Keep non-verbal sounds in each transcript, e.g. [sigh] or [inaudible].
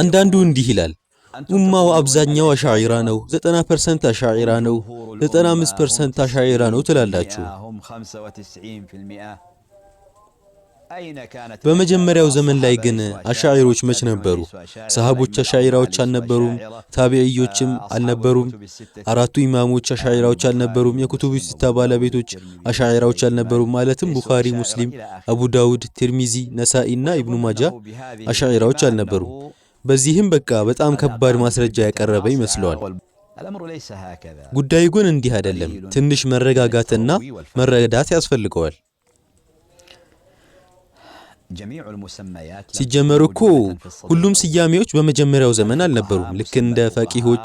አንዳንዱ እንዲህ ይላል ኡማው አብዛኛው አሻዒራ ነው፣ 90 ፐርሰንት አሻዒራ ነው፣ 95 ፐርሰንት አሻዒራ ነው ትላላችሁ። በመጀመሪያው ዘመን ላይ ግን አሻዒሮች መች ነበሩ? ሰሃቦች አሻዒራዎች አልነበሩም። ታቢዕዮችም አልነበሩም። አራቱ ኢማሞች አሻዒራዎች አልነበሩም። የኩቱቡ ሲታ ባለቤቶች አሻዒራዎች አልነበሩም። ማለትም ቡኻሪ፣ ሙስሊም፣ አቡ ዳውድ፣ ትርሚዚ ነሳኢ እና ኢብኑ ማጃ አሻዒራዎች አልነበሩ። በዚህም በቃ በጣም ከባድ ማስረጃ ያቀረበ ይመስለዋል። ጉዳዩ ግን እንዲህ አይደለም። ትንሽ መረጋጋትና መረዳት ያስፈልገዋል። ሲጀመር እኮ ሁሉም ስያሜዎች በመጀመሪያው ዘመን አልነበሩም። ልክ እንደ ፈቂሆች፣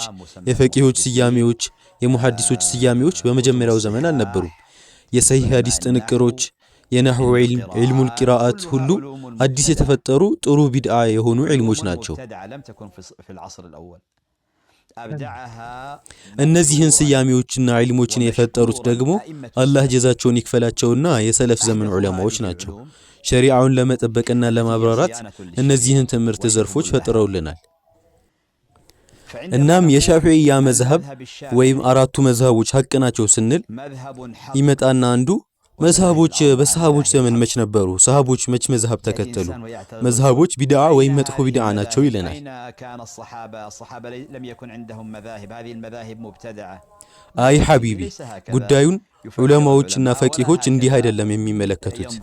የፈቂሆች ስያሜዎች፣ የሙሐዲሶች ስያሜዎች በመጀመሪያው ዘመን አልነበሩም። የሰሂህ ሐዲስ ጥንቅሮች፣ የነህው ዒልም፣ ዒልሙል ቂራአት ሁሉ አዲስ የተፈጠሩ ጥሩ ቢድዓ የሆኑ ዒልሞች ናቸው። እነዚህን ስያሜዎችና ዒልሞችን የፈጠሩት ደግሞ አላህ ጀዛቸውን ይክፈላቸውና የሰለፍ ዘመን ዑለማዎች ናቸው። ሸሪዓውን ለመጠበቅና ለማብራራት እነዚህን ትምህርት ዘርፎች ፈጥረውልናል። እናም የሻፊዒያ መዝሀብ ወይም አራቱ መዝሀቦች ሀቅ ናቸው ስንል ይመጣና አንዱ መዝሃቦች በሰሃቦች ዘመን መች ነበሩ? ሰሃቦች መች መዝሃብ ተከተሉ? መዝሃቦች ቢድዓ ወይም መጥፎ ቢድዓ ናቸው ይለናል። አይ ሐቢቢ፣ ጉዳዩን ዑለማዎችና ፈቂሆች እንዲህ አይደለም የሚመለከቱት።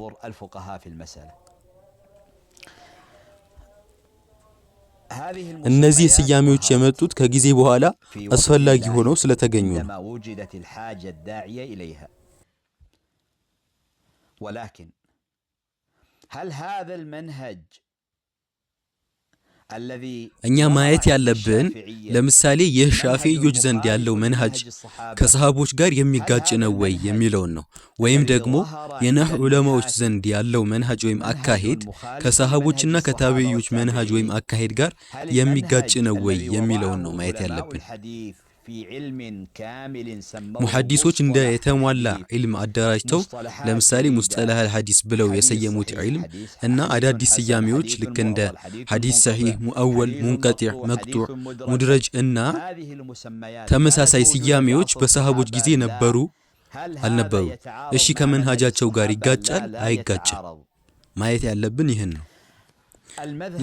እነዚህ ስያሜዎች የመጡት ከጊዜ በኋላ አስፈላጊ ሆነው ስለተገኙ ነው። ولكن هل هذا المنهج እኛ ማየት ያለብን ለምሳሌ ይህ ሻፊዮች ዘንድ ያለው መንሃጅ ከሰሃቦች ጋር የሚጋጭ ነው ወይ የሚለውን ነው። ወይም ደግሞ የነህ ዑለማዎች ዘንድ ያለው መንሃጅ ወይም አካሄድ ከሰሃቦችና ከታቢዮች መንሃጅ ወይም አካሄድ ጋር የሚጋጭ ነው ወይ የሚለውን ነው ማየት ያለብን። ሙሐዲሶች እንደ የተሟላ ዒልም አደራጅተው ለምሳሌ ሙስጠላሃል ሐዲስ ብለው የሰየሙት ዒልም እና አዳዲስ ስያሜዎች ልክ እንደ ሐዲስ ሰሒህ፣ ሙአወል፣ ሙንቀጢዕ፣ መቅጡዕ፣ ሙድረጅ እና ተመሳሳይ ስያሜዎች በሰሃቦች ጊዜ ነበሩ አልነበሩ? እሺ ከመንሃጃቸው ጋር ይጋጫል አይጋጭም? ማየት ያለብን ይህን ነው።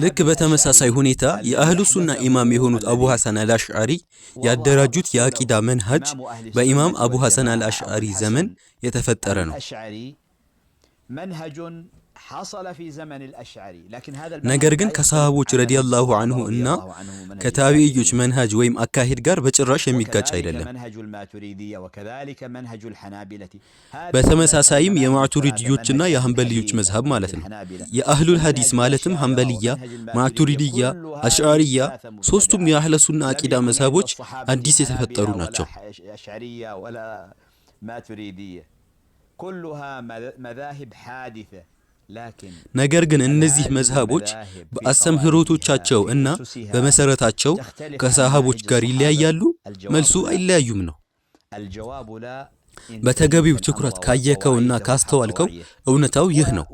ልክ በተመሳሳይ ሁኔታ የአህሉ ሱና ኢማም የሆኑት አቡ ሐሰን አልአሽዓሪ ያደራጁት የአቂዳ መንሃጅ በኢማም አቡ ሐሰን አልአሽዓሪ ዘመን የተፈጠረ ነው። ነገር ግን ከሰሃቦች ረዲያላሁ አንሁ እና ከታቢዕዮች መንሃጅ ወይም አካሄድ ጋር በጭራሽ የሚጋጭ አይደለም። በተመሳሳይም የማዕቱሪድዮችና የሐንበልዮች መዝሀብ ማለት ነው። የአህሉል ሐዲስ ማለትም ሐንበልያ፣ ማዕቱሪድያ፣ አሽዓርያ ሶስቱም የአህለሱና አቂዳ መዝሀቦች አዲስ የተፈጠሩ ናቸው። ነገር ግን እነዚህ መዝሃቦች በአስተምህሮቶቻቸው እና በመሰረታቸው ከሰሃቦች ጋር ይለያያሉ? መልሱ አይለያዩም ነው። በተገቢው ትኩረት ካየከውና ካስተዋልከው እውነታው ይህ ነው።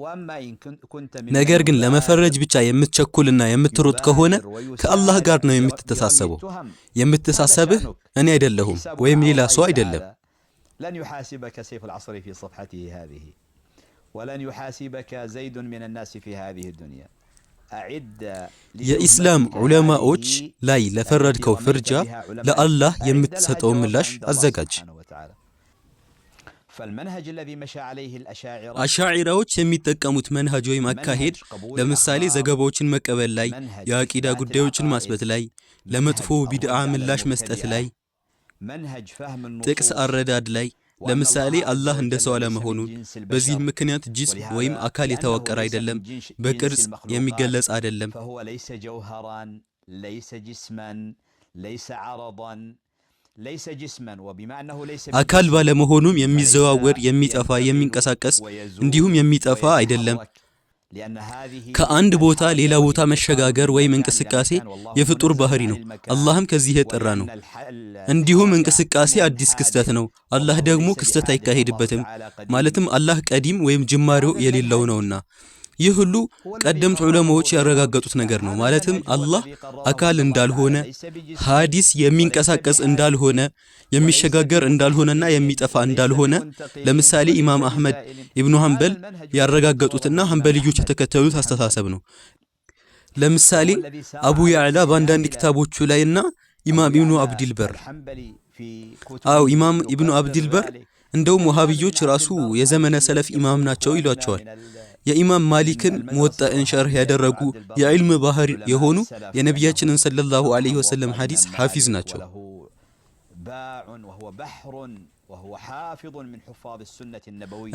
ነገር ግን ለመፈረጅ ብቻ የምትቸኩልና የምትሮጥ ከሆነ ከአላህ ጋር ነው የምትተሳሰበው። የምትተሳሰብህ እኔ አይደለሁም ወይም ሌላ ሰው አይደለም። ወለን ዩሓሲበከ ዘይዱን ሚን ናሲ ፊ ሃዚህ ዱንያ የኢስላም ዑለማዎች ላይ ለፈረድከው ፍርጃ ለአላህ የምትሰጠው ምላሽ አዘጋጅ። አሻዒራዎች የሚጠቀሙት መንሃጅ ወይም አካሄድ ለምሳሌ ዘገባዎችን መቀበል ላይ፣ የአቂዳ ጉዳዮችን ማስበት ላይ፣ ለመጥፎ ቢድዓ ምላሽ መስጠት ላይ፣ ጥቅስ አረዳድ ላይ ለምሳሌ አላህ እንደ ሰው አለመሆኑን፣ በዚህም ምክንያት ጂስም ወይም አካል የተዋቀረ አይደለም፣ በቅርጽ የሚገለጽ አይደለም። አካል ባለመሆኑም የሚዘዋወር፣ የሚጠፋ፣ የሚንቀሳቀስ እንዲሁም የሚጠፋ አይደለም። ከአንድ ቦታ ሌላ ቦታ መሸጋገር ወይም እንቅስቃሴ የፍጡር ባህሪ ነው። አላህም ከዚህ የጠራ ነው። እንዲሁም እንቅስቃሴ አዲስ ክስተት ነው። አላህ ደግሞ ክስተት አይካሄድበትም። ማለትም አላህ ቀዲም ወይም ጅማሬው የሌለው ነውና ይህ ሁሉ ቀደምት ዑለማዎች ያረጋገጡት ነገር ነው። ማለትም አላህ አካል እንዳልሆነ፣ ሀዲስ የሚንቀሳቀስ እንዳልሆነ፣ የሚሸጋገር እንዳልሆነና የሚጠፋ እንዳልሆነ ለምሳሌ ኢማም አህመድ ኢብኑ ሐንበል ያረጋገጡትና ሐንበልዮች የተከተሉት አስተሳሰብ ነው። ለምሳሌ አቡ ያዕላ በአንዳንድ ኪታቦቹ ላይና ኢማም ኢብኑ አብዲልበር አው ኢማም ኢብኑ አብዲልበር እንደውም ወሃብዮች ራሱ የዘመነ ሰለፍ ኢማም ናቸው ይሏቸዋል። የኢማም ማሊክን መወጣእን ሸርህ ያደረጉ የዕልም ባህር የሆኑ የነቢያችንን ሰለላሁ ዐለይሂ ወሰለም ሐዲስ ሐፊዝ ናቸው።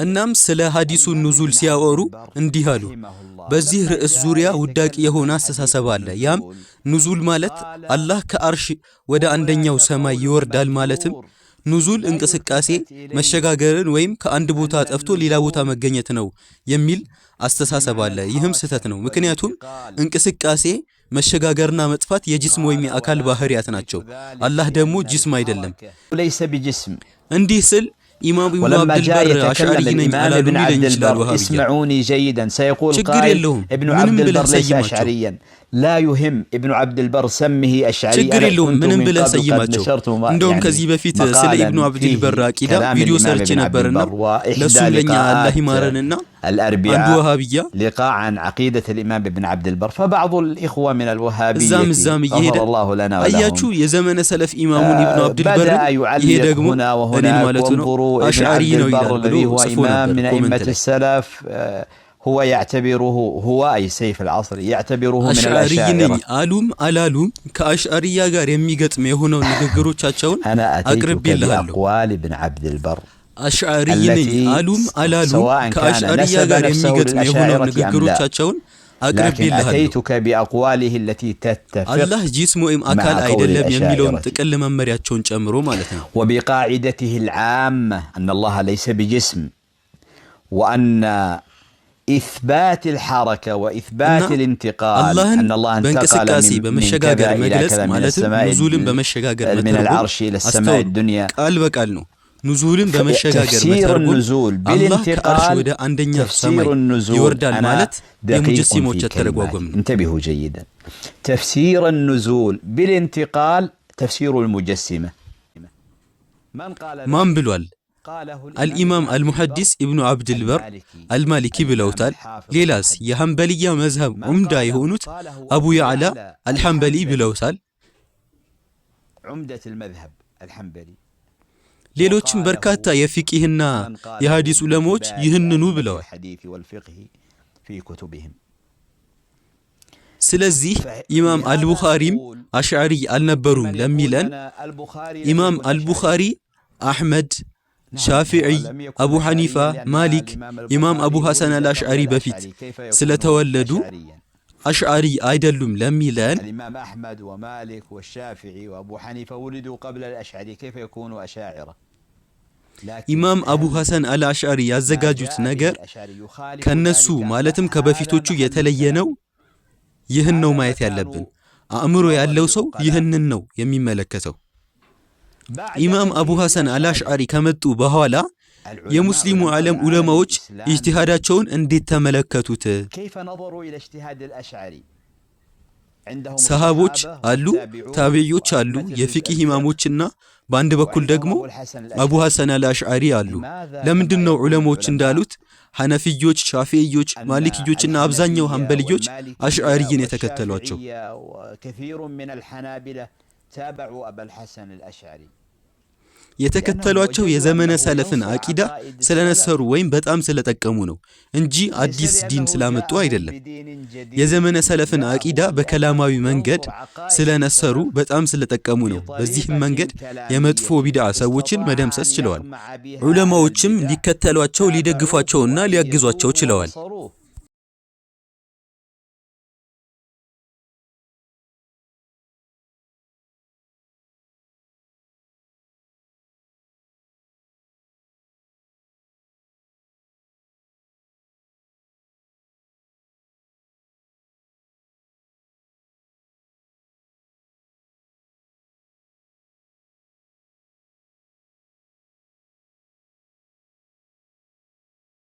እናም ስለ ሐዲሱ ኑዙል ሲያወሩ እንዲህ አሉ። በዚህ ርዕስ ዙሪያ ውዳቂ የሆነ አስተሳሰብ አለ። ያም ኑዙል ማለት አላህ ከአርሽ ወደ አንደኛው ሰማይ ይወርዳል ማለትም ኑዙል እንቅስቃሴ መሸጋገርን ወይም ከአንድ ቦታ ጠፍቶ ሌላ ቦታ መገኘት ነው የሚል አስተሳሰብ አለ። ይህም ስህተት ነው። ምክንያቱም እንቅስቃሴ መሸጋገርና መጥፋት የጅስም ወይም የአካል ባህሪያት ናቸው። አላህ ደግሞ ጅስም አይደለም። እንዲህ ስል ኢማም ኢብኑ አብድልበር አሽዓሪ ነኝ አላሉ ሊለኝ ይችላል። ውሃብያ ችግር የለውም። ምንም ብለህ ሰይማቸው لا يهم ابن عبد البر سمه اشعري تقري له من بلا سيماتو عندهم يعني كزي بفيت سلا ابن عبد البر راكي فيديو سيرتش نبرنا لسو لنا الله يمارننا الاربعاء الوهابية لقاء عن عقيدة الامام ابن عبد البر فبعض الاخوة من الوهابية الزام الزام يهد الله لنا ولهم اياتو يا زمن سلف امام ابن عبد البر بدأ يعلق هنا وهناك وانظروا ابن عبد البر الذي هو امام من ائمة السلف آه هو يعتبره هو أي سيف العصر يعتبره من الأشاعرة أشعريني ألوم ألالوم كأشعري يا يميقت ميهونا ونقرو تشاتشون [laughs] أنا أتيتك بأقوال ابن عبد البر أشعريني ألوم ألالوم كأشعري يا غار يميقت ميهونا ونقرو تشاتشون أقرب لكن أتيتك بأقواله التي تتفق الله جسمه إم أكال أيضا لم يميلون تكلم مريات شونج أمرو مالتنا وبقاعدته العامة أن الله ليس بجسم وأن إثبات الحركة وإثبات نعم. الانتقال الله أن الله انتقل من, من إلى من السماء نزول من العرش إلى السماء الدنيا قال بقال نزول بمشجاجر تفسير النزول بالانتقال تفسير النزول يوردان مالت دقيق في انتبهوا جيدا تفسير النزول بالانتقال تفسير المجسمة من قال من بلول አልኢማም አልሙሐዲስ ኢብኑ አብድልበር አልማሊኪ ብለውታል። ሌላስ የሐንበልያ መዝሀብ ዑምዳ የሆኑት አቡ ያዕላ አልሐንበሊ ብለውታል። ሌሎችም በርካታ የፊቂህና የሐዲስ ዑለሞች ይህንኑ ብለዋል። ስለዚህ ኢማም አልቡኻሪም አሽዓሪ አልነበሩም ለሚለን ኢማም አልቡኻሪ አሕመድ ሻፊዒ፣ አቡ ሐኒፋ፣ ማሊክ፣ ኢማም አቡ ሐሰን አልአሽዓሪ በፊት ስለተወለዱ አሽዓሪ አይደሉም ለሚለን ኢማም አቡ ሐሰን አልአሽዓሪ ያዘጋጁት ነገር ከነሱ ማለትም ከበፊቶቹ የተለየ ነው። ይህን ነው ማየት ያለብን። አእምሮ ያለው ሰው ይህንን ነው የሚመለከተው። ኢማም አቡ ሐሰን አልአሽዓሪ ከመጡ በኋላ የሙስሊሙ ዓለም ዑለማዎች ኢጅቲሃዳቸውን እንዴት ተመለከቱት? ሰሃቦች አሉ፣ ታቢዮች አሉ፣ የፊቅህ ኢማሞችና በአንድ በኩል ደግሞ አቡ ሐሰን አልአሽዓሪ አሉ። ለምንድን ነው ዑለማዎች እንዳሉት ሐነፊዮች፣ ሻፊዮች፣ ማሊክዮችና አብዛኛው ሐንበልዮች አሽዓሪይን የተከተሏቸው? የተከተሏቸው የዘመነ ሰለፍን አቂዳ ስለነሰሩ ወይም በጣም ስለጠቀሙ ነው እንጂ አዲስ ዲን ስላመጡ አይደለም። የዘመነ ሰለፍን አቂዳ በከላማዊ መንገድ ስለነሰሩ በጣም ስለጠቀሙ ነው። በዚህም መንገድ የመጥፎ ቢድዓ ሰዎችን መደምሰስ ችለዋል። ዑለማዎችም ሊከተሏቸው ሊደግፏቸውና ሊያግዟቸው ችለዋል።